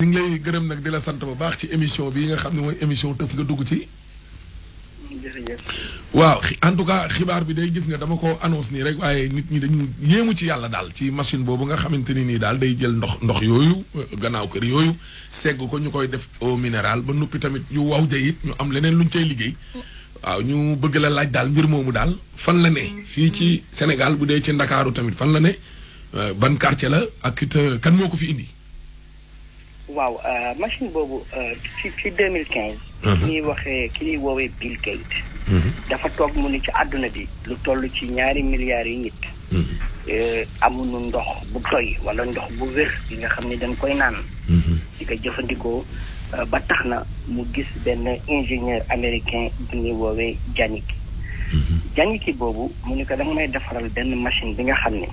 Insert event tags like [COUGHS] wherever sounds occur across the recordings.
ñu ngi lay gërëm nag di la sant bu baax ci émission bi nga xam ne mooy émission tës nga dugg ci. waaw en tout cas xibaar bi day gis nga dama ko annonce nii rek waaye nit ñi dañu yéemu ci yàlla daal ci machine boobu nga xamante ni nii daal day jël ndox ndox yooyu gannaaw kër yooyu segg ko ñu koy def au minéral ba noppi tamit ñu waw jayit ñu am leneen luñ cay liggéey. waaw ñu bëgg la laaj daal mbir moomu daal fan la ne fii ci Sénégal bu dee ci Ndakaaru tamit fan la ne euh, ban quartier la ak it euh, kan moo ko fi indi. waaw euh, machine boobu euh, ci ci deux mille quinze. Mhm. ñuy waxee ki ñuy woowee Bill Gates. Mhm. dafa toog mu ni ci àdduna bi lu toll ci ñaari milliards yi nit. Mhm. Euh, amuñu ndox bu doy wala ndox bu wér bi nga xam ni dañ koy naan. di ko jëfandikoo ba tax na mu gis benn ingénieur américain bu ñuy woowee Janik. Janik boobu mu ni ko danga may defaral benn machine bi nga xam ni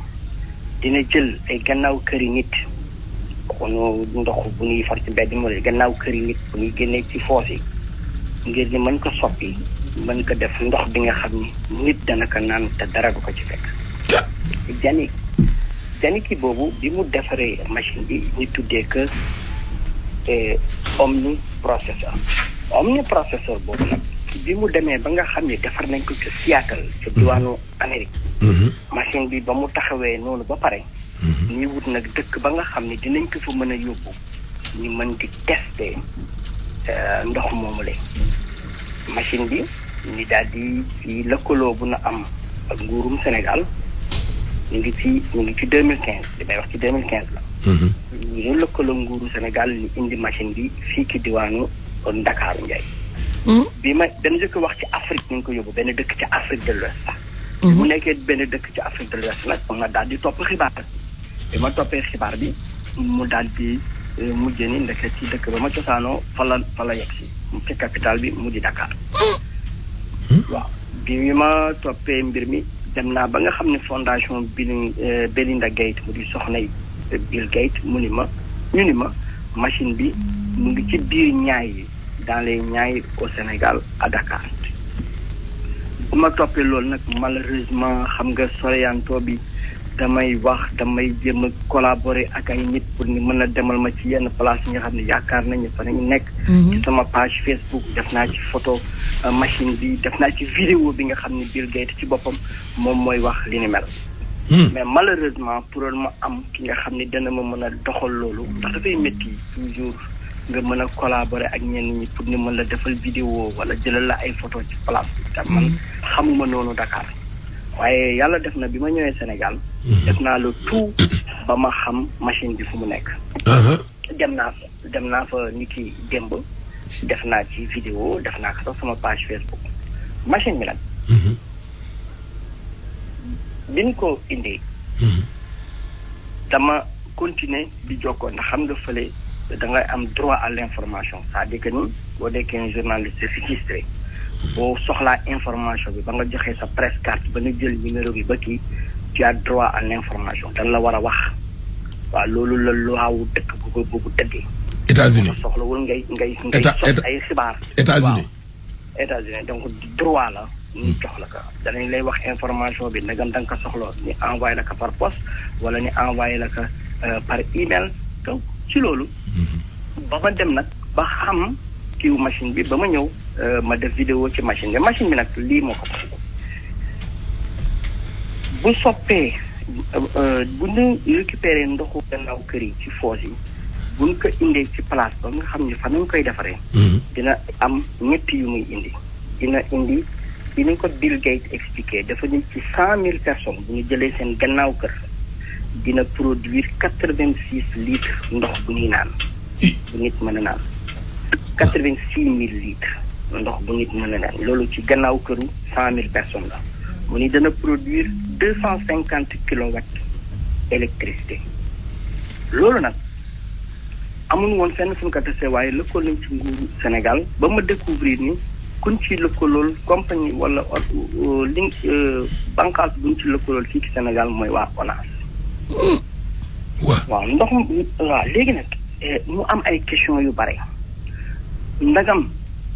dina jël ay gannaaw këri nit. kon ndox bu ñuy far ci mbedd mu gannaaw kër yi nit bu ñuy génnee ci foos yi ngir ni mën ko soppi mën ko def ndox bi nga xam ni nit dana ko naan te dara du ko ci fekk janik janiki boobu bi mu defaree machine bi ñu tuddee que eh, omni processeur omni processeur boobu nag bi mu demee ba nga xam ne defar nañ ko ci Seattle ci diwaanu Amérique mm-hmm. machine bi ba mu taxawee noonu ba pare Mm-hmm. ñuy wut nag dëkk ba nga xam ne dinañ ko fa mën a yóbbu ñu mën di teste euh, ndox moomu la machine bi ñu daal di lëkkaloo bu na am ak nguurum Sénégal ñu ngi ci ñu ngi ci deux mille quinze li may wax ci deux mille quinze la. Mm-hmm. ñu lëkkaloo nguuru Sénégal ñu indi machine bi fii ci diwaanu Ndakaaru Ndiaye. Mm-hmm. bi ma dañu njëkk wax ci Afrique ñu ko yóbbu benn dëkk ci Afrique de l'Ouest sax. mu nekkee benn dëkk ci Afrique de l'Ouest nag on a daal di topp xibaar. bi e ma toppee xibaar bi mu daal di e, mujjee ni ndeke ci dëkk ba ma cosaanoo fa la fa la yegg si ci capital bi mu di Dakar. Hmm? waaw bi ma toppee mbir mi dem naa ba nga xam ni fondation Bill e, Belinda Gates mu di soxnay Bill Gates mu ni ma ñu ma machine bi mu ngi ci biir ñaay yi dans ñaay au Sénégal à Dakar. bu ma toppee loolu nag malheureusement xam nga sorianto bi. damay wax damay jëm a collaborer ak ay nit pour ni mën a demal ma ci yenn place nga xam ne nañu fa nañu nekk ci sama page facebook def naa ci photo eh, machine bi def naa ci vidéo bi nga xam kan bill gate ci boppam moom mooy wax li ni mel mais hmm. malheureusement pour ma am ki nga xam kan dana ma mën a doxal loolu ndax dafay métti toujours nga mën a collaborer ak ñenn ñi pour ñu mën defal vidéo wala jëlal la ay photo ci place bi hmm. man xamuma noonu Dakar waaye yàlla def na bi ma ñëwee Sénégal. Mhm. def naa le tout ba ma xam machine bi fu mu nekk. Uh-huh. dem naa fa dem naa fa ni démb. def naa ci vidéo def naa ko sax sama page Facebook machine bi nag. Mhm. biñ ko indee. Mhm. dama continuer di jokkoo ndax xam nga fële da ngay am droit à l' information c'est-à-dire que ni boo nekkee journaliste registré boo soxlaa information bi ba nga sa presse carte ba nga jël numéro tu as droit à l'information la war wax waaw loolu la l'information. États-Unis ngay ngay ngay droit la. Hmm. lay wax information bi par poste wala euh, par email donc ci hmm. ba kiiw machine bi ba ma ñëw euh, ma def vidéo ci machine bi machine bi nag lii moo ko bu soppee euh, bu ñu récupéré ndoxu gannaaw kër yi ci foos yi bu ko indee ci place ba nga xam ne fa nañ koy defaree mhm. dina am ñett yu muy indi dina indi li ko Bill Gates expliquer dafa ni ci cent mille personnes bu ñu jëlee seen gannaaw kër dina produire quatre vingt six litres ndox bu ñuy naan bu nit mën a naan quatre-vingt-six mille litres ndox bu nit mën a loolu ci gannaaw këru cent mille personnes la mu ni dana produire deux cent cinquante loolu nag amul woon fenn fu ñu waaye lëkkool nañ ci nguuru Sénégal ba ma découvrir ni kuñ ci lëkkalool compagnie wala euh, link euh, bànqaas buñ ci lëkkalool fii ci Sénégal mooy waa ONAS waaw ndox waaw léegi nag euh, mu am ay question yu bare ndagam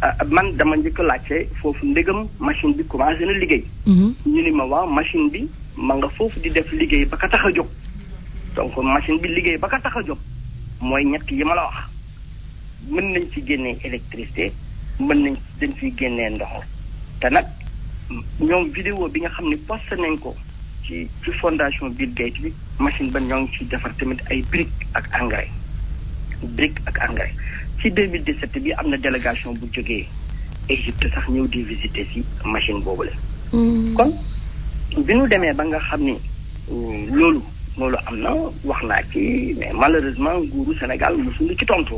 ah, man dama njëkk a laajte foofu ndegam machine bi commencé na liggéey. Mhm. ñu ni ma waaw machine bi man nga foofu di def liggéey ba ko tax a jóg. donc machine bi liggéey ba ka tax a jóg mooy ñett yi ma la wax mën nañ ci génnee électricité mën nañ dañ fi génnee ndox te nag ñoom vidéo bi nga xam ne posté nañ ko ci ci fondation Bill Gates bi machine ba ñoo ngi ciy defar tamit ay briques ak engrais briques ak engrais. ci set bi am na délégation bu jógee Égypte sax ñëw di visiter si machine boobu boobule. Hmm. kon bi ñu demee ba nga xam ni hmm, loolu loolu am na wax naa ci mais malheureusement nguuru Sénégal mosuñu ci tontu.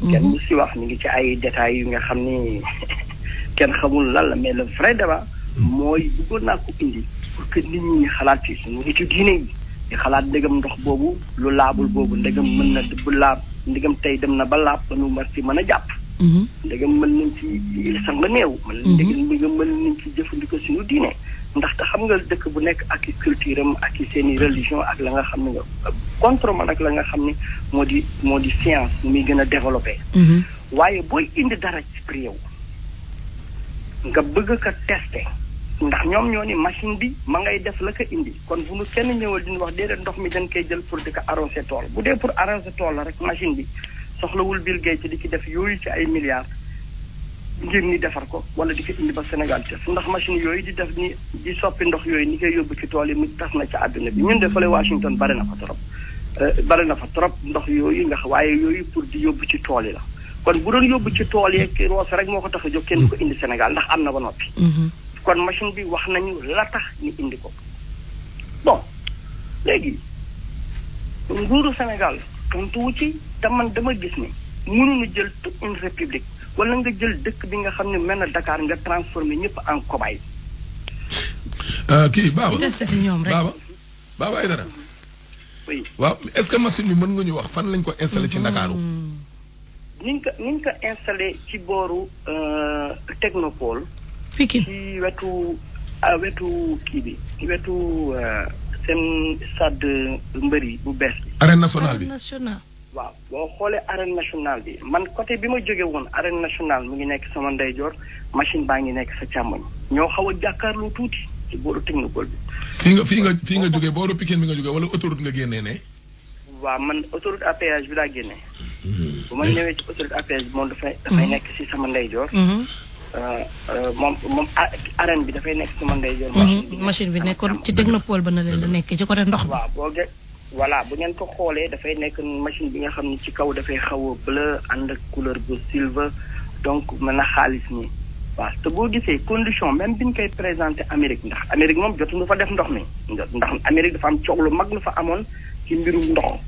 Hmm. kenn mu si wax ñu ngi ci ay détails yu nga xam ni [LAUGHS] kenn xamul lan la mais le vrai débat. mooy bëggoon naa ko indi pour que nit ñi xalaat ci suñu nitu diine yi. di xalaat ndegam ndox boobu lu laabul boobu ndegam mën na bu laab ndegam tey dem na ba laab ba nu war mën a jàpp. Mhm. ndegam mën nañ ci il sang ba néew. Mhm. mën nañ ndegam mën nañ ci jëfandikoo suñu diine. ndaxte xam nga dëkk bu nekk ak i culture am ak i seeni i religion ak la nga xam ne contre man ak la nga xam ni moo di moo di science muy gën a développé. Mhm. waaye booy indi dara ci réew nga bëgg ko testé. ndax ñoom ñoo ni machine bi ma ngay def la ko indi kon bu nu kenn ñëwal di wax déedéet ndox mi dañ koy jël pour di ko arrosé tool bu dee pour arrosé tool la rek machine bi soxlawul Bill Gates ci di ci def yooyu ci ay milliards ngir ni defar ko wala di ko indi ba Sénégal def ndax machine yooyu di def ni di soppi ndox yooyu ni koy yóbbu ci tool yi mu tas na ca àdduna bi ñun de fële Washington bare na fa trop euh, bare na fa trop ndox yooyu nga waaye yooyu pour di yóbbu ci tool yi la kon bu doon yóbbu ci tool yeeg roose rek moo ko tax a jóg kenn ko indi Sénégal ndax am na ba noppi mm-hmm. kon machine bi wax nañu la tax ñu indi ko bon léegi nguuru Sénégal tontuwu ci te man dama gis ni mënuñu jël toute une république wala nga jël dëkk bi nga xam ne mel na Dakar nga transformé ñëpp en cobaye. Euh, kii Baba Baba Baba Aïdara. oui waaw est-ce machine bi mën nga ñu wax fan lañ ko installé ci mm-hmm. Ndakaaru. niñ ko niñ ko installé ci booru euh, Technopole. Pikine ci wetu wetu kii bi wetu euh, seen stade mbëri bu bees bi. arène nationale bi waaw boo xoolee arène national bi man côté bi ma jógee woon arène national mu ngi nekk sama ndeyjoor machine baa ngi nekk sa càmmoñ ñoo xaw a jàkkaarloo tuuti ci booru technicole bi. fii nga nga fii nga jógee booru Pikine nga wala autoroute nga génnee ne. waaw man autoroute à bi laa génnee. Mhm. bu ma ñëwee ci autoroute à bi moom dafay dafay mhm. nekk si sama ndeyjoor. Mhm. moom moom arène bi dafay nekk ci man day jël machine bi nekkoon ci technopole ba na leen la nekk ci côté ndox bi waaw boo ge voilà bu ngeen ko xoolee dafay nekk machine bi nga xam ne ci kaw dafay xaw a bleu ànd ak couleur bu silver donc mën na xaalis nii waa te boo gisee condition même bi ñu koy présenté Amérique ndax Amérique moom jotuñu fa def ndox mi ndax Amérique dafa am coow lu mag lu fa amoon ci mbirum ndox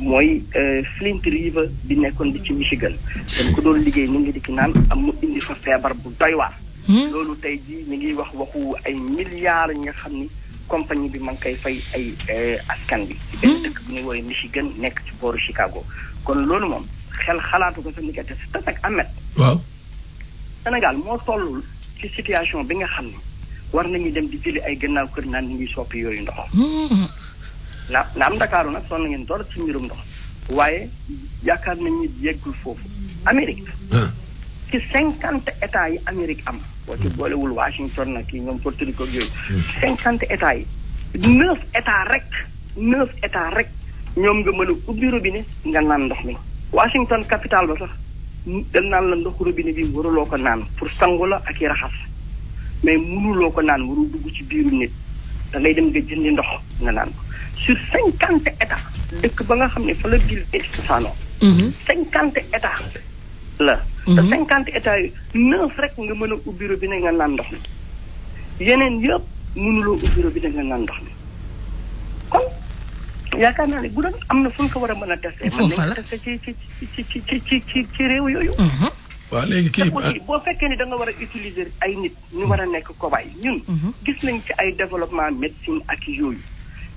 mooy euh, Flint River bi nekkoon bi ci Michigan. dañ ko doon liggéey ñu ngi dikki naan am mu indi fa feebar bu doy hmm? loolu tey jii ñu ngi wax waxu ay milliards ñi nga xam ni compagnie bi ma ngi koy fay ay euh, askan bi. ci benn hmm? dëkk bu ñuy woowee Michigan nekk ci booru Chicago. kon loolu moom xel xalaatu ko sa liggéey te te ak Ahmed. waaw. moo tollul ci situation bi nga xam ni war nañu dem di jëli ay gannaaw kër naan ñu ngi soppi yooyu ndox. Hmm. na naam Ndakaaru nag na ngeen torop ci mbirum ndox waaye yaakaar nañ ni yeggul foofu amerique ci cinquante états yi amerique am oo ci boolewul Washington nag kii ñoom Puerto Rico yooyu cinquante états yi neuf états rek neuf états rek ñoom nga mën a ubbi robinet nga naan ndox mi Washington capital ba sax dañ naan la ndox robinet bi waruloo ko naan pour sangu la ak i raxas mais mënuloo ko naan warul dugg ci biiru nit da ngay dem nga jëndi ndox nga naan ko sur cinquante états dëkk ba nga xam ne fa la Bill Gates cosaanoo mhm. cinquante états la mhm. te cinquante états yu neuf rek nga mën a ubbi robinet nga naan ndox mi yeneen yëpp mënuloo ubbi robinet nga naan ndox mi kon yaakaar naa ne bu doon am na fu ko war a mën a testé mën nañ testé ci ci ci ci ci ci ci ci réew yooyu mhm. waa léegi kii boo fekkee ni da nga war a utiliser ay nit ñu war a nekk ko cobaye ñun gis nañ ci ay développement médecine ak yooyu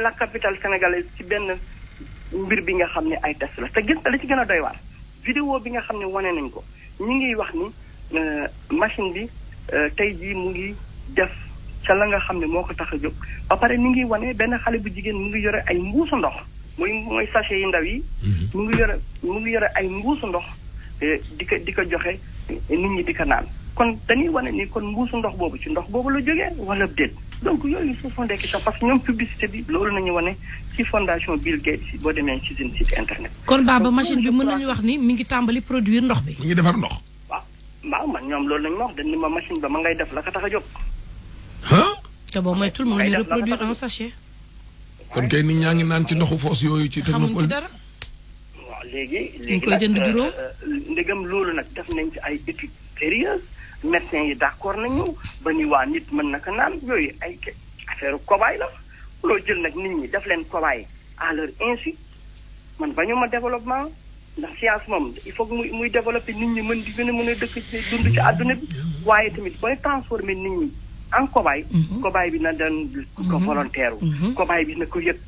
la capital sénégalaise ci benn mbir bi nga xam ne ay test la te gis nga li ci gën a doy waar vidéo bi nga xam ne wane nañ ko ñi ngi wax ni euh, machine bi euh, tey jii mu ngi def ca la nga xam ne moo ko tax a jóg ba pare ni ngi wane benn xale bu jigéen mu ngi yore ay mbuusu ndox muy mooy sachet yi ndaw yi mhm. mu ngi yore mu ngi yore ay mbuusu ndox Eh, di ko di ko joxe eh, nit ñi di ko naan kon dañuy wane ni kon mbuusu ndox boobu ci ndox boobu la jógee wala déet donc yooyu ce sont des questions parce que ñoom publicité bi loolu nañu wane ci fondation Bill Gates boo demee ci seen site internet. kon baaba machine bi mën nañu wax ni mi ngi tàmbali produire ndox bi. mi ngi defar ndox. waaw waaw man ñoom loolu lañ ma wax dañ ni ma machine ba ma ngay def la ka tax a jóg. te boo moytul mu ngi reproduire en sachet. kon kay nit ñaa ngi naan ci ndoxu foos yooyu ci technopole. xamuñ ci dara léegi. léegi nag euh, euh, ndegam loolu nag def nañ ci ay études sérieuses médecins yi d'accord nañu ba ni waa nit mën naka naan yooyu ay affaire cobaye la loo jël nag nit ñi def leen kobaay à leur insu man bañu ma développement ndax science moom il faut muy muy développer nit ñi mën di gën a mën a dëkk ci dund ci àdduna bi waaye tamit booy transformer nit ñi en cobaye mhm. cobaye bi na doon ko mhm. volontaire wu mhm. cobaye bi na ko yëg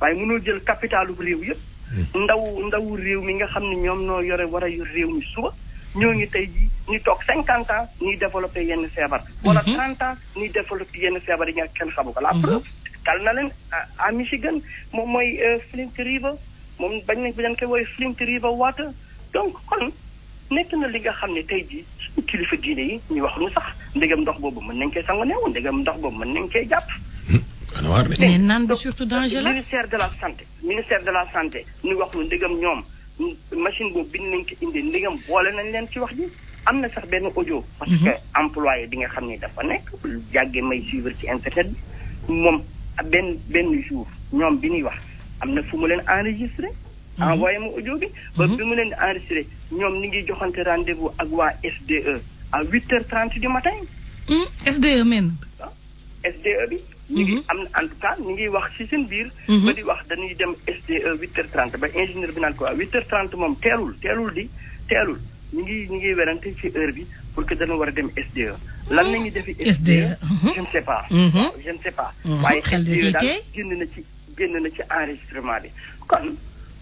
waaye mënoo jël capitalu réew yëpp ndaw ndaw réew mi nga xam ne ñoom noo yore war a yor réew mi suba ñoo ngi tey jii ñu toog cinquante ans ñuy développé yenn feebar wala mhm. trente ans ñuy yenn feebar yi nga kenn xamu ko la mhm. preuve dal na leen à Michigan moom mooy euh, Flint River moom bañ nañ bi leen koy woowee Flint River water donc kon nekk na li nga xam ne tey jii suñu kilifa diine yi ñuy wax lu sax ndegam ndox boobu mën nañ koy sango neewu ndox boobu mën nañ koy jàpp hmm. mais surtout danger ministère de la santé ministère de la santé nous avons lu machine bind nañ ko indi ngam boole nañ ci wax parce que mhm. employé bi nga ne dafa may suivre ci internet enregistré audio bi ba mhm. enregistré rendez-vous ak waa SDE à huit heures trente du matin hmm? SDE men ah, ñu ngi mhm. am na en tout cas ñu ngi wax ci seen biir. Mhm. ba di wax dañuy dem SDE huit heures trente ba ingénieur bi naan ko waa huit heures trente moom teelul teelul di teelul ñu ngi ñu ngi werante ci heure bi pour que dana war a dem SDE. lan la ñuy defi SDE. E, mhm. je ne sais pas. je ne sais pas. xel SDE daal génn na ci génn na ci enregistrement bi kon.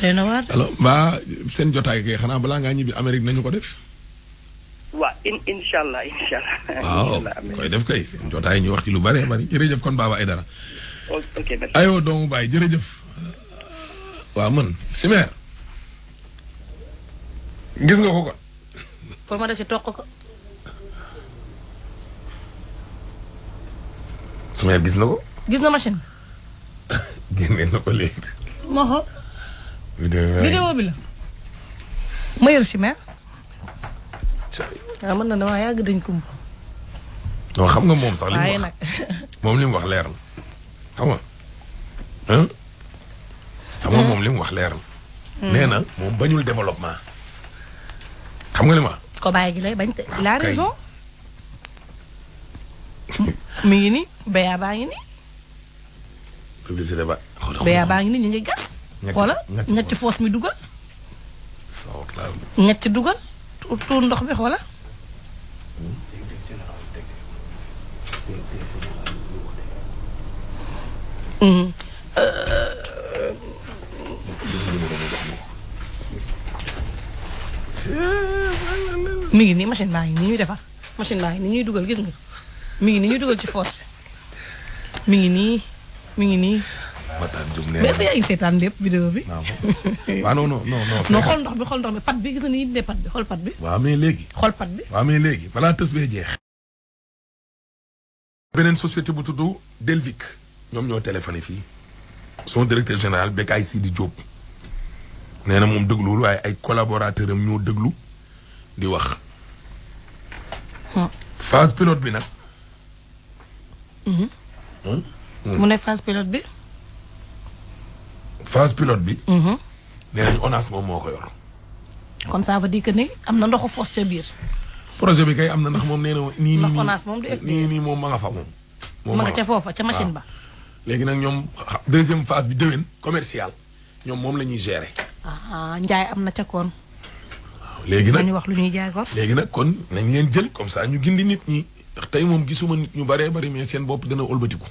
tey na waar alors seen jotaay kay xanaa balaa ngaa ñibbi Amérique nañu ko def. [LAUGHS] koy def kay seen jotaay ñu wax ci lu bëree bëri jërëjëf kon Baba Aidara. ok merci doomu Baye jërëjëf. waaw man simeer gis nga ko kon. pour ma def ci toq ko. simeer gis na ko. gis na machine. [LAUGHS] génne na ko léegi. moo vidéo bi la. Mayel Chimère. waaw mën na damaa yàgg dañ kumb. non xam nga moom sax li mu wax [LAUGHS] moom li mu wax leer na moom li wax leer na. Hmm. nee na moom bañul développement. xam nga li ma. ko bàyyi gi lay bañ te il ah, a [LAUGHS] mi ngi ni Béya baa ngi ni. publicité baa ngi ni ñu ngi gas. xoola ñetti foos mi dugal ñetti dugal tuur ndox bi xoola mm-hmm. uh, mi ngi nii machine baa ngi ñuy defar machine baa ngi ni ñuy dugal gis nga mi ngi ni ñuy dugal ci foos bi ngi nii mi ngi nii Mais, c'est un Non, non, non, Non, vidéo ah bah Non, non, non non non. non non, ndox bi non, ndox bi pat ne pat bi non, pat bi. non, mais non, non, pat bi. non, mais non, non, non, jeex. non, société bu non, Delvic non, ñoo non, non, son directeur général non, non, Diop non, non, non, non, ay non, ñoo hmm. phase pilote bi non, non, hmm. hmm? ne phase pilote phase pilote bi. Mhm. nee nañ ONAS moom moo ko yor. kon ça veut dire que ni am na ndoxu foos ca biir. projet bi kay am na ndax moom nee na. moom du nii nii moom ma nga fa moom. moom ma nga ca foofa ca machine ba. léegi nag ñoom deuxième phase bi déwén commercial ñoom moom la ñuy gérer. ah njaay am na ca koon. waaw léegi nag ñu wax lu ñuy jaay kon. léegi nag kon nañ leen jël comme ça ñu gindi nit ñi ndax tey moom gisuma nit ñu baree bari mais seen bopp dana ëlbatiku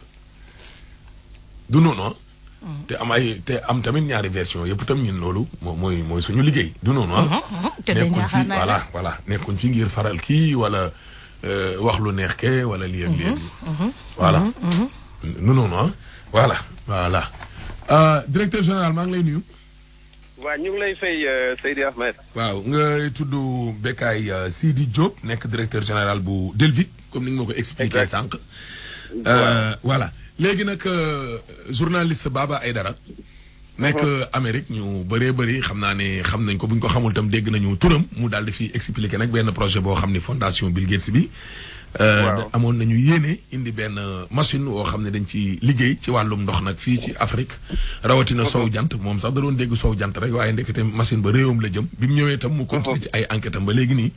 du noonu ah. te am ay te am tamit ñaari version yëpp tam ñun loolu moom mooy mooy suñu liggéey du noonu ah mm-hmm, mm-hmm. nekkuñ fi voilà voilà nekkuñ fi ngir faral kii wala euh, wax lu neex ke wala lii ak lii ak mm-hmm, voilà du noonu ah voilà voilà euh, directeur général maa ngi lay nuyu waaw ñu ngi lay fay euh, Seydi Ahmed waaw nga tudd Bekay Sidi Diop nekk directeur général bu Delvic comme ni nga ma ko expliqué sànq voilà léegi nag euh, journaliste ay dara nekk uh-huh. Amérique ñu bëree bëri xam naa ne xam nañ ko buñ ko xamul tam dégg nañu turam mu daal di fi expliqué nag benn projet boo xam ni fondation Bill Gates bi. Euh, amoon nañu yéene indi benn machine woo xam ne dañ ci liggéey ci wàllum ndox nag fii ci Afrique rawatina uh-huh. sow jant moom sax da doon dégg sow jant rek waaye ndekete machine ba réewam la jëm bi mu ñëwee tam mu continué uh-huh. ci ay enquête ba léegi nii.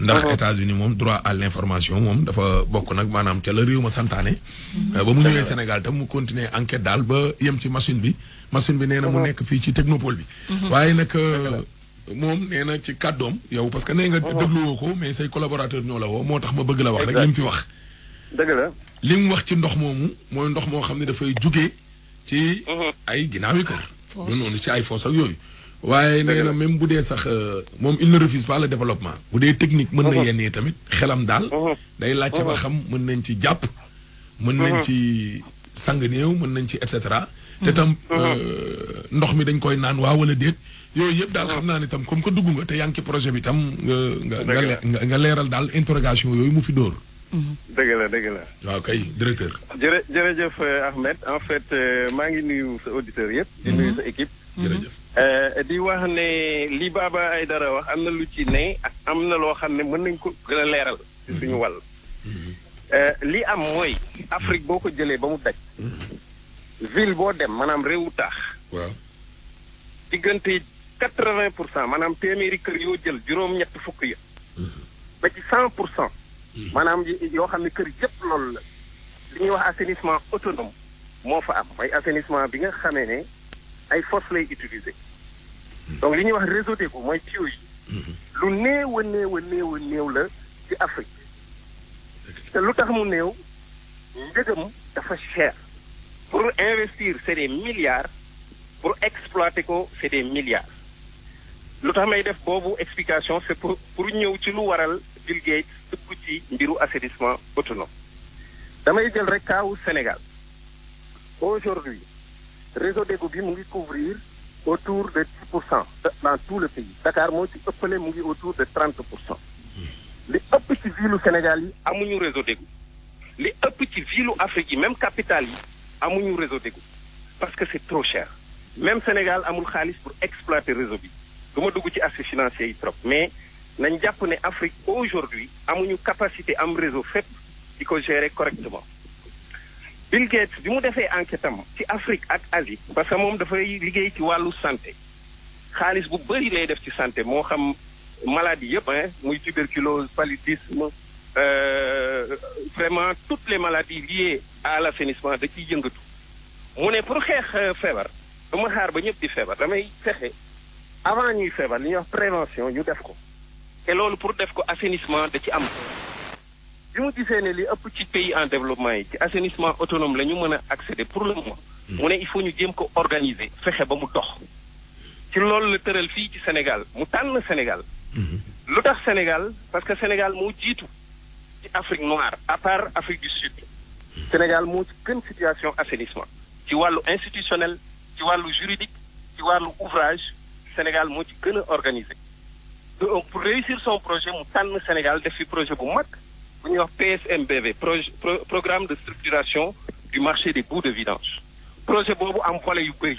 ndax États-Unis moom droit à l'information moom dafa bokk nag maanaam ca la réew ma santaane. Mhm. Euh, ba mu ñëwee Sénégal tam mu continuer enquête daal ba yem ci machine bi. machine bi nee na mu nekk fii ci technopole bi. Mhm. waaye nag euh, moom nee na ci kàddoom yow parce que nee nga dégluwoo ko mais say collaborateur ñoo la woo moo tax ma bëgg la wax rek li mu fi wax. dëgg mu wax ci ndox moomu mooy ndox moo xam ne dafay jóge ci mhm. ay ginnaawi kër. noonu ci ay foos ak yooyu. waaye nee na même bu dee sax euh, moom il ne refuse pas le développement bu dee technique mën na uh-huh. yenn yi tamit xelam daal uh-huh. day laajte ba uh-huh. xam mën nañ ci jàpp mën nañ ci sang néew mën nañ ci et cetera te tam euh, ndox mi dañ koy naan waaw wala déet yooyu yëpp daal xam naa ne tam comme que dugg nga te yaa ngi projet bi tam nga nga nga leeral daal interrogation yooyu mu fi dóor mm-hmm. dëgg la dëgg la waaw kay directeur jërë jërëjëf euh, Ahmed en fait maa ngi nuyu sa auditeur yëpp di nuyu sa mm-hmm. Eh, di wax ne li Baba Aïdara wax am na lu ci ne ak am na loo xam ne mën nañ ko gën a leeral ci suñu mhm. wàll mhm. Eh, li am mooy Afrique boo ko jëlee ba mu daj mhm. ville boo dem maanaam wu taax waaw diggante quatre-vingt pour cent maanaam téeméeri kër yoo jël juróom-ñett fukk yi ba ci cent pour cent maanaam yoo xam ne kër yëpp loolu la li ñuy wax assainissement autonome moo fa am mooy assainissement bi nga xamee ne ay force lay utiliser Mm-hmm. donc li ñuy wax un réseau mooy tuyau yi. lu néew a néew a néew a néew la ci Afrique. te lu tax mu néew njëgam dafa cher. pour investir c'est des milliards pour exploiter ko des milliards. lu tax may def boobu explication C'est est pour pour ñëw ci lu waral Bill Gates dugg ci bureau assainissement autonome damay jël rek kaawu Sénégal aujourd'hui réseau de bi mu ngi couvrir autour de dans tout le pays Dakar moi, ci suis autour de 30 Les petites villes ëpp ci ville Sénégal yi réseau d'égout Les petites villes ville Afrique yi même capitale yi un réseau d'égout parce que c'est trop cher même Sénégal amul un pour exploiter réseau bi du monde dugg ci aspect financier trop mais nañ jàpp et Afrique aujourd'hui une capacité un réseau fait qui gérer correctement Bill Gates du mu fait enquête sur ci Afrique ak Asie parce que moom dafay liggéey ci santé xaalis bu bëri lay def ci santé moo xam maladie yëpp hein muy tuberculose paludisme euh, vraiment toutes les maladies liées à l'assainissement da ciy yëngatu mu ne pour xeex euh, feebar du ma xaar ba ñëpp di feebar damay fexe avant ñuy feebar li ñuy wax prévention ñu def ko Et loolu pour def ko assainissement da ci am bi mu gisee ne li ëpp ci pays en développement yi ci assainissement autonome la ñu mën a accéder pour le moment hmm. mu ne il faut ñu jéem ko organiser fexe ba mu dox ci loolu la tëral fii ci Sénégal mu tànn Sénégal. Mhm. lu tax Sénégal parce que Sénégal moo jiitu ci Afrique noire à part Afrique du Sud. Sénégal moo ci gën situation assainissement. ci wàllu institutionnel ci wàllu juridique ci wàllu ouvrage Sénégal moo ci gën organisé. donc euh, pour réussir son projet mu tànn Sénégal def fi projet bu mag bu ñuy wax PSMBV programme de structuration du marché des bouts de vidange projet boobu am volet yu bëri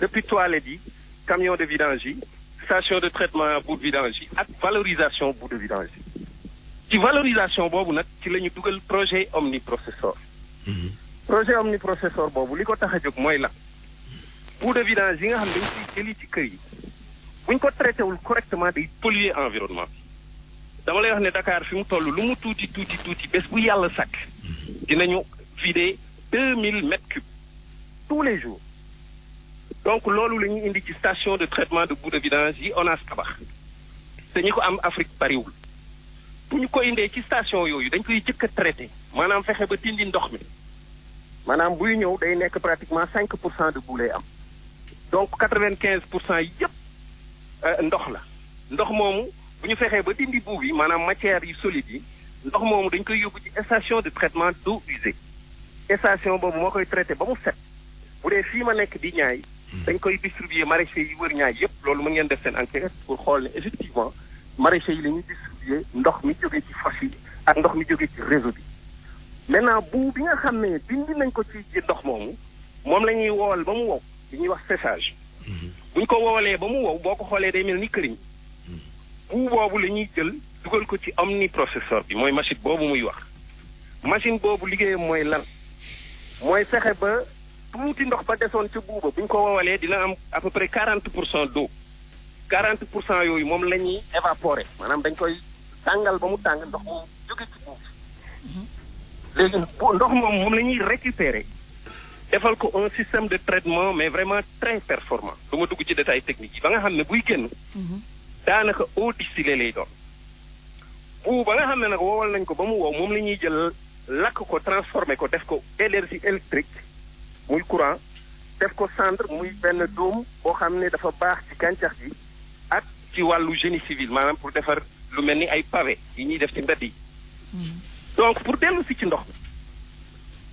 depuis toilette yi camion de vidange station de traitement bout de vidange et valorisation bout de vidange Si ci valorisation vous avez ci projet ñu projet omniprocesseur mhm. projet omniprocesseur boobu li qu'on tax le projet bout de vidange yi nga xam ne dañ ciy jëli ci kër yi bu ñu ko traité wul correctement day polluer environnement dama lay wax ne Dakar parce mu toll y a le sac. tuuti bés bu yàlla mhm. deux mille mètres cubes tous les jours donc loolu la ñuy station de traitement de boue de vidange yi ONAS te Afrique station dañ koy a traité maanaam fexe ba tindi ndox mi maanaam buy day nekk pratiquement cinq pour cent de boue donc quatre vingt pour euh, ndox la ndox boue matière solide yi ndox dañ koy station de traitement d'eau usée station boobu moo koy traité ba mu dañ koy distribuer maraîchers yi wër ñaay yëpp loolu ma ngeen def seen enquête pour xool ne effectivement maraîchers yi la distribuer ndox mi jógee ci fosse yi ak ndox mi jógee ci réseau bi maintenant bu bi nga xam ne dindi nañ ko ci ndox moomu moom la ñuy woowal ba mu wow li ñuy wax séchage mhm. buñ ko woowalee ba mu wow boo ko xoolee day mel ni këriñ mhm. bu boobu la ñuy jël dugal ko ci omniprocesseur bi mooy machine boobu muy wax machine boobu liggéeyam mooy lan mooy tuuti ndox ba desoon ci buuba bu ñu ko wowalee dina am à peu près quarante pour cent d'eau quarante pour cent yooyu moom la ñuy évaporer maanaam dañ koy tàngal ba mu tàng ndox moom jóge ci buuf léegi ndox moom moom la ñuy récupérer defal ko un système de traitement mais vraiment très performant du ma dugg ci détail technique yi ba nga xam ne buy génn mhm. daanaka eau distillée lay doon bu ba nga xam ne nag wowal nañ ko ba mu wow moom la ñuy jël lakk ko transformer ko def ko énergie électrique muy courant def ko centre muy benn dóom boo xam ne dafa baax ci gàncax gi ak ci wàllu génie civil maanaam pour defar lu mel ni ay pavé yi ñuy def ci mbedd yi donc pour dellu si ci ndox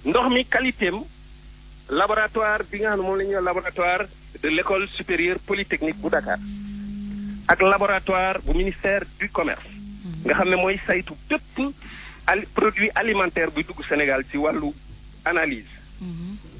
mi ndox mi qualité am laboratoire bi nga xam ne moom la ñuy laboratoire de l' école supérieure polytechnique bu Dakar ak laboratoire bu ministère du commerce nga xam ne mooy saytu bépp al produit alimentaire bu dugg Sénégal ci wàllu analyse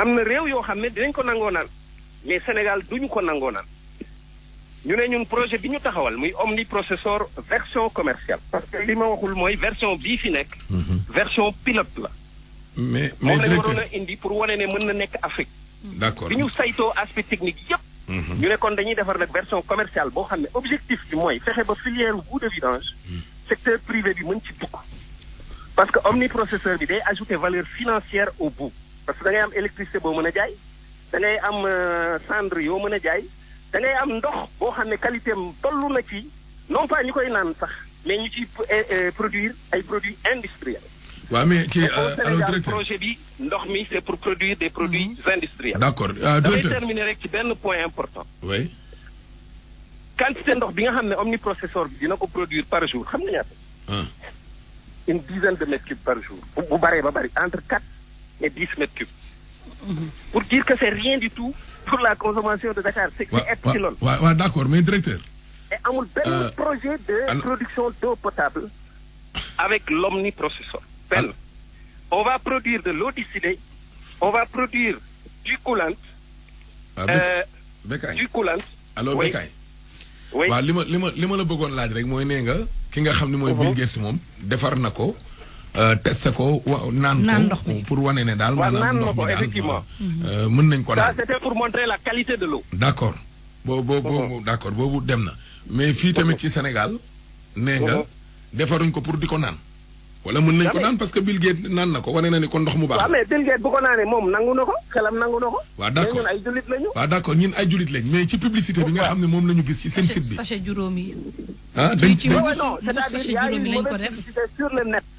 am na réew yoo xam ne dinañ ko nangoonal mais Sénégal duñu ko nangoonal ñu ne ñun projet bi ñu taxawal muy omniprocesseur version commerciale. parce que li ma waxul mooy version bii fi nekk. Mhm. version pilote la. mais mais directeur moom la indi pour wane ne mën na nekk Afrique. d'accord bi ñu saytoo aspect technique yépp mhm. ñu ne kon dañuy defar nag version commerciale boo xam ne objectif bi mooy fexe ba filière bout de vidange. Mhm. secteur privé bi mën ci dugg. parce que omniprocesseur bi day ajouter valeur financière au bout parce que da ngay am électricité boo mën a jaay da ngay am euh, cendre yoo mën a jaay da ngay am ndox boo xam ne qualité am tollu na ci non pas ñu koy naan sax mais ñu ciy euh, euh, produire ay produits industriels. waaw mais kii alors directeur projet bi ndox mi c'est pour produire des produits mhm. industriels. d'accord euh, damay terminer rek ci benn point important. oui. quantité ndox bi nga xam ne omniprocesseur bi dina ko produire par jour xam nga ñaata. Ah. une dizaine de mètres cubes par jour. bu bu baree ba bari entre quatre et 10 mètres cubes. Mhm. Pour dire que c'est rien du tout pour la consommation de Dakar, c'est epsilon. Ouais, d'accord, mais directeur. Et amul benn euh, projet de production d'eau potable avec l'omniprocesseur. Benn. On va produire de l'eau distillée, on va produire du coolant. Ah, euh, du coolant. Alors Bekay. waaw Oui. le lima, la bëggoon laaj rek mooy nee nga ki nga xam ne mooy mhm. Bill Gates moom Euh, teste ko wa naan ko pour wane ne daal. maanaam ndox mi daal effectivement. Euh, mën nañ ko naan ça c'était pour de d'accord boobu dem na. mais fii tamit ci Sénégal. nee defaruñ ko pour di ko naan. wala mën nañ ko naan parce que Bill Gates naan na ko wane na ni kon ndox mu baax. Bill Gates bu ko naanee moom nangu na ko xelam nangu na ko. waaw d'accord ñun ay julit lañu. waaw d'accord ñun ay julit lañ mais ci publicité bi nga xam ne moom la ñu gis ci seen bi. Ah, dañ ci non c'est-à-dire y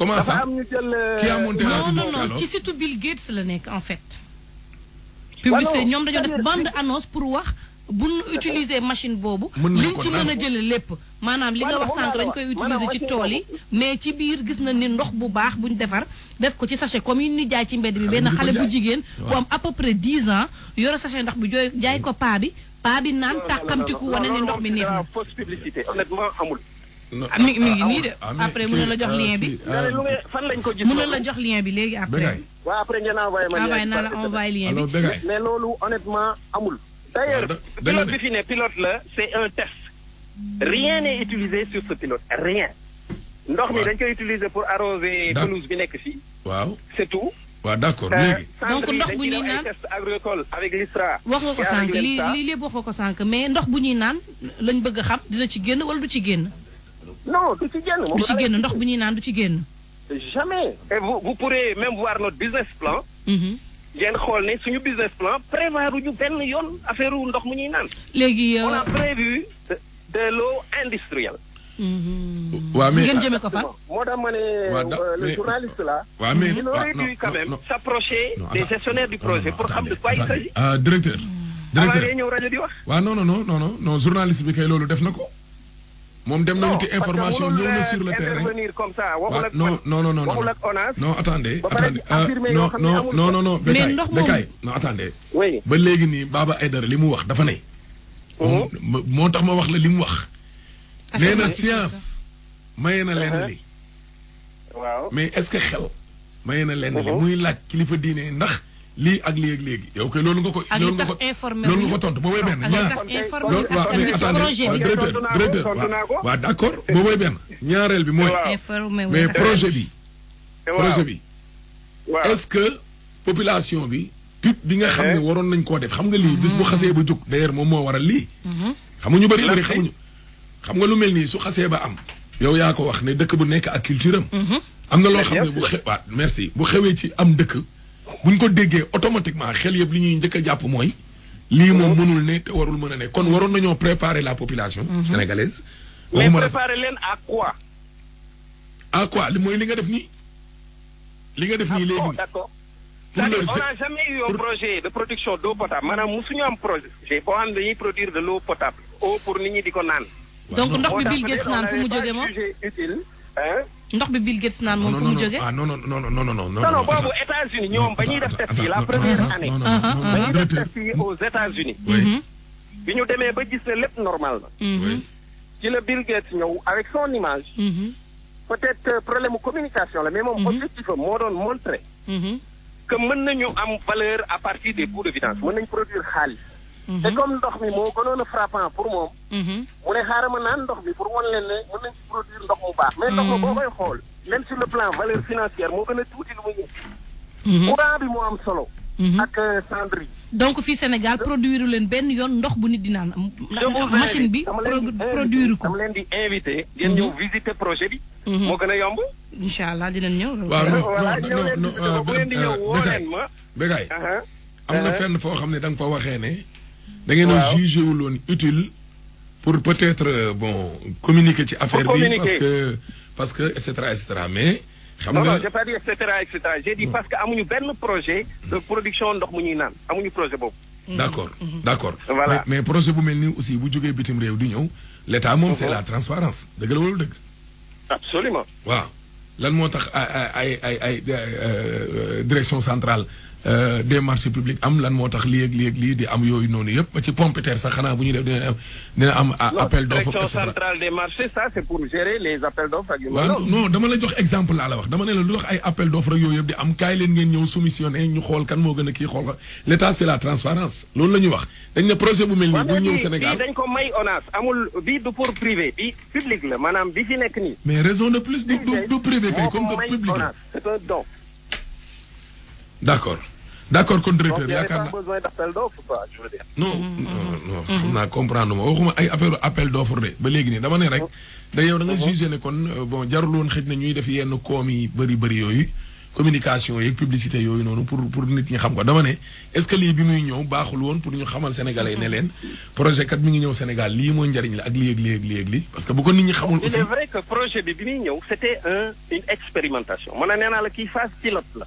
comment ça euh, qui a monté la non non non ci surtout Bill Gates la nekk en fait. publicité ñoom dañoo def bande annonce pour wax bu utiliser machine bobu liñ ci mëna jël jëlee lépp. maanaam li nga wax sànq dañ koy utiliser ci tool yi mais ci biir gis na ni ndox bu baax buñ defar def ko ci sachet comme yi ñu jaay ci mbéd bi benn xalé bu jigéen bu am à peu près 10 ans yoro sachet ndax bu jooy jaay ko pa bi pa bi naan ku wane ni ndox mi neex na. fausse publicité honnêtement amul mi mi ngi nii de ah, après mën na la jox lien ah, bi. Ah, lu fan lañ ko gis. mën na la jox lien bi léegi après. waaw après ngeen envoyé ma lien naa la envoyé lien bi mais loolu honnêtement amul. d'ailleurs pilote bi fi ne pilote la c'est un test. rien n'est utilisé sur ce pilote rien. ndox mi dañ koy utiliser pour arroser pelouse bi nekk fii. waaw c'est tout. waaw d'accord euh, léegi. donc ndox bu ñuy naan avec l'ISRA. wax nga ko sànq lii lii lépp wax ko sànq mais ndox bu ñuy naan lañ bëgg a xam dina ci génn wala du ci génn non du ci du ci génn ndox bu ñuy naan du ci jamais. et vous vous pourrez même voir notre business plan. Mhm. ngeen xool ne suñu business plan prévoir ñu benn yoon affaire wu ndox mu ñuy naan. léegi euh, on a prévu de l'eau industrielle. waaw mhm. mais ngeen euh, jëmee ko fa. moo tax ma euh, le journaliste là. mais il ah, aurait dû quand même s'approcher des gestionnaires du projet pour xam de quoi il s'agit. Ah, directeur. Ah, directeur avant ñëw rajo di wax. Wa non non non non non journaliste bi kay loolu def na moom dem na wuti information ñëw na euh, sur le terrain waaw non non non non ba léegi nii Baba Aïdara li mu wax dafa ne mhm. moo tax ma wax la li mu wax ah, nee na science maye na lenn uh-huh. li mais est-ce que xel maye na lenn li uh-huh. muy laaj kilifa diine ndax lii ak lii ak léegi yow kay loolu nga ko. loolu nga ko loolu nga ko tontu boobay benn. ñaar loolu mais attendez waaw ñaareel bi mooy. mais projet bi. projet bi. est ce que population bi. pub bi nga xam ne eh? waroon nañ koo def xam nga lii bis bu mm-hmm. xasee ba jóg d' moom moo waral lii. Mm-hmm. xam nga ñu bëri bëri xamuñu. xam nga lu mel nii su xasee ba am. yow yaa ko wax ne dëkk bu nekk ak culture am. Mm-hmm. am na loo xam ne bu xe merci bu xewee ci am dëkk. buñ ko déggee automatiquement xel yëpp li ñuy njëkk jàpp mooy lii moom mhm. mënul ne te warul mën a ne kon waroon nañoo préparer la population mhm. sénégalaise mais préparer leen à quoi à quoi li mooy li nga def nii li nga def nii ah, léegi nii d'accord cest à on n'a jamais eu un projet de production d'eau potable maanaam musuñu am projet boo xam dañuy produire de l'eau potable eau pour nit ñi di ko naan donc ndox mi Bill Gates naan fu mu jógee moom ndox bi Bill Gates naan moom fu mu jógee. non non non non non non non non non boobu États-Unis ñoom ba ñuy def test yi la première année. ba ñuy def test yi aux États-Unis bi ñu demee ba gis ne lépp normal na. ci la Bill Gates ñëw avec son image. peut-être problème communication la mais moom objectif am moo doon montré. que mën nañu am valeur à partir des bouts de vidange mën nañu produire xaalis. Mhm. te comme ndox mi moo gënoon a frappant pour moom. Mhm. mu ne xaaral ma naan ndox bi pour wan leen ne mën nañ ci produire ndox mu baax. mais ndox mhm. xool même sur le plan valeur financière moo gën a tuuti lu muy yëg. courant euh, fii Sénégal produire benn yoon ndox bu di naan. machine bi produire ko. dama di invité ngeen ñëw visiter projet bi. moo gën a yomb. incha allah dinañ ñëw. waaw euh, non non ñëw euh, woo leen uh-huh. am na uh-huh. fenn foo xam ne da nga fa waxee ne. da ngeen a jugé wul woon utile pour peut-être euh, bon communiquer ci affaire bi parce que parce que et cetera et cetera mais. xam nga non non j'ai pas dit et cetera et cetera j'ai dit hmm. parce que amuñu benn projet. de hmm. production ndox mu ñuy naan amuñu projet boobu. Hmm. d'accord d'accord. voilà mais projet bu mel nii aussi bu jógee bitim réew di ñëw. l'état moom c'est la transparence dëgg la wala dëgg. absolument waaw lan moo tax ay ay ay ay euh, euh, direction centrale. Euh, des marchés publics am lan motax li ak li ak li di am yooyu nonu yëpp ci Pompéterre sax xana buñu def dina am dina am appel d'offre direction des marchés ça c'est pour gérer les appels d'offres ak non dama la jox exemple la la wax dama ne la lu wax ay appel d'offre ak yooyu di am kaay leen ngeen ñew soumissionné ñu xol kan mo gën ki xol xool ko l'état c'est la transparence loolu lañu wax dañ ne projet bu melni bu ñew Sénégal dañ ko may ONAS amul bii du pour privé bi public la manam bi fi nek ni mais raison de plus du du privé fait comme que public c'est un don d'accord d'accord kon directeur yaakaar naa besoin d'appel d'offre quoi je veux dire. non mhm. non mhm. Mhm. xam naa comprendre ma waxuma ay affaire appel d'offre de ba léegi nii dama ne rek. da yow da nga jugé ne kon euh, bon jarul woon xëj na ñuy def yenn koom yi bëri bëri yooyu communication yeeg publicité yooyu noonu pour pour nit ñi xam ko dama ne est-ce que lii bi muy ñëw baaxul woon pour ñu xamal sénégalais ne leen projet kat mi ngi ñëw Sénégal lii mooy njariñ la ak lii ak lii ak lii ak lii parce que bu ko nit ñi xamul aussi. il est vrai que projet bi bi muy ñëw c'était un une expérimentation man nee naa la kii phase pilote la.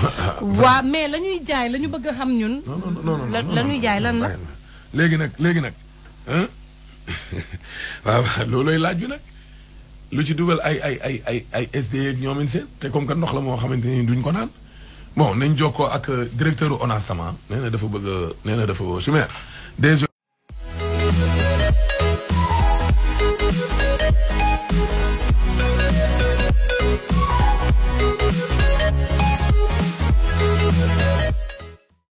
[COUGHS] waaw mais la ñuy jaay la bëgg a xam ñun. non non non la ñuy jaay lan la. léegi nag léegi nag ah [LAUGHS] waaw loolooy laaj bi nag lu ci dugal ay ay ay ay ay SDE ak ñoom seen te comme que ndox la moo xamante ni duñ ko naan bon nañ jokkoo ak euh, directeur ONAS sama nee na dafa bëgg nee na dafa chômeur